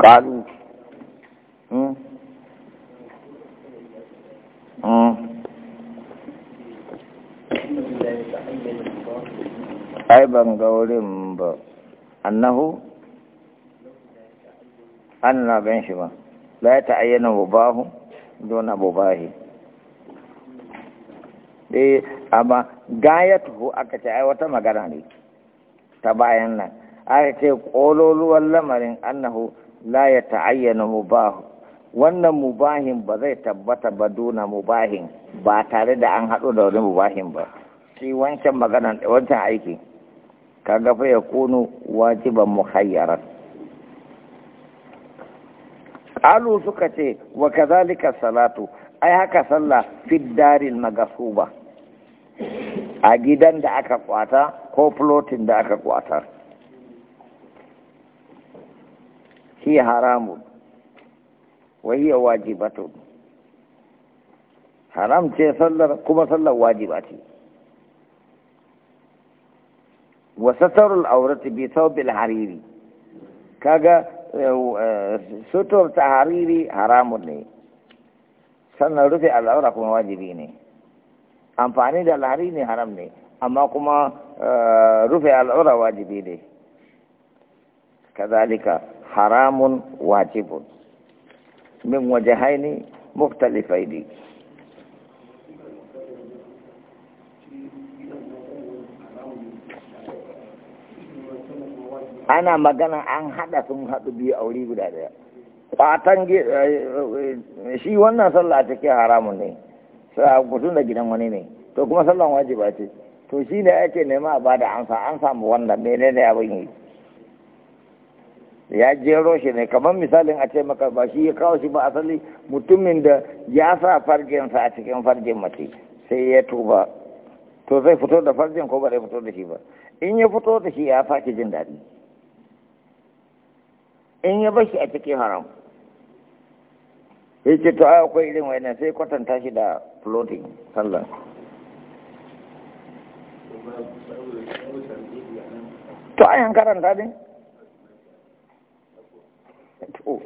kalu ai ban ga wurin ba annahu an na gan shi ba la ya ta'ayyana bubahu don abubahi eh amma gayatuhu aka ce ai wata magana ne ta bayan nan aka ce kololuwan lamarin annahu la ya ta'ayyana mubahu wannan mubahin ba zai tabbata ba duna mubahin ba tare da an haɗu da wani mubahin ba shi wancan maganan wancan aiki Ka gafa ya kunu wajiban mukhayyaran Alu suka ce wa kazalika salatu ai haka sallah fi daril magasuba a gidan da aka kwata ko floating da aka kwata hiya haramun wa hiya wajibatun haram ce sallar kuma sallar wajiba ce wa satarul aurati bi thawbil hariri kaga eh, sutur ta hariri haramun ne sannan rufe al'aura kuma wajibi ne amfani da al'ari ne haram ne amma kuma eh, rufe al'aura wajibi ne kazalika haramun wajibun min wajahaini di ana magana an haɗa sun haɗu biyu a wuri guda ɗaya fatan eh, shi wannan sallah a cikin haramun ne tun da gidan wani ne to kuma sallan wajiba ce to shi ne ake nema ba da ansa an samu wannan menene abin yi ya jero shi ne kamar misalin a ce maka ba shi ya kawo shi ba asali mutumin da ya sa fargensa a cikin fargen mace sai ya tuba to zai fito da fargen ko ba zai fito da shi ba in ya fito da shi ya faki jin daɗi in ya bashi a cikin haram ya ce to akwai irin wainan sai kwatanta shi da floating sallah to an karanta ne to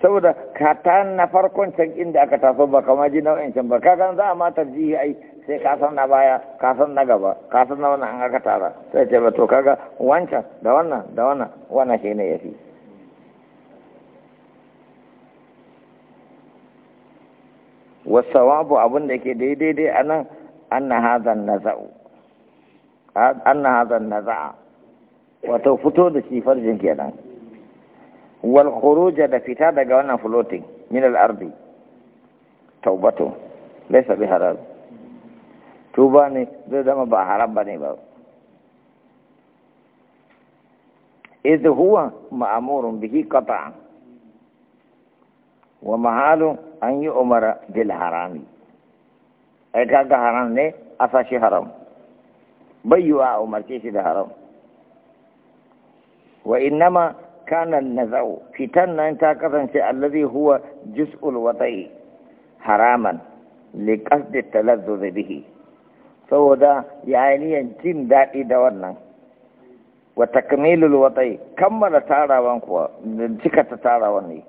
saboda kata na farkon can inda aka taso ba kama ji nau'in can ba ka za a matar ji ai sai ka san na baya ka san na gaba ka san na wannan an aka tara sai ce ba to kaga wancan da wannan da wannan wannan shi ne fi. wasawabu abin da ke daidai dai anan nan an na hazan na za'a wato fito da shi farjin kenan wal khuruja da fita daga wannan floating min al ardi taubatu laysa bi haram tuba ne zai zama ba haram bane ba idh huwa ma'murun bihi qat'an wa mahalu an yi umara bil harami ai kaga haram ne a sashi haram bai a umarce shi da haram wa innama kanan nazau fitan nan ta kasance allazi huwa juz'ul wadai haraman li qasdi talazzuz bihi saboda yayin jin daɗi da wannan wa takmilul wadai kammala tarawan kuwa cika ta tarawan ne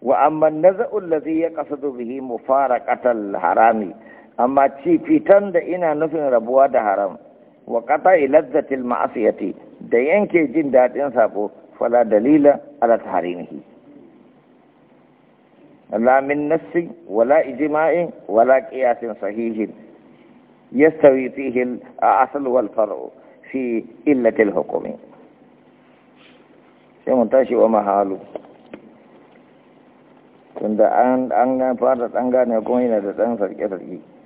wa amma nazau allazi yaqsadu bihi mufaraqatal harami amma ci fitan da ina nufin rabuwa da haram wa qata ilazzatil ma'asiyati da yanke jin daɗin sako فلا دليل على تحريمه لا من نفس ولا إجماع ولا قياس صحيح يستوي فيه الأصل والفرع في إلة الحكم سيمنتشي وما حاله tunda an an fara tsanga ne kuma yana da ɗan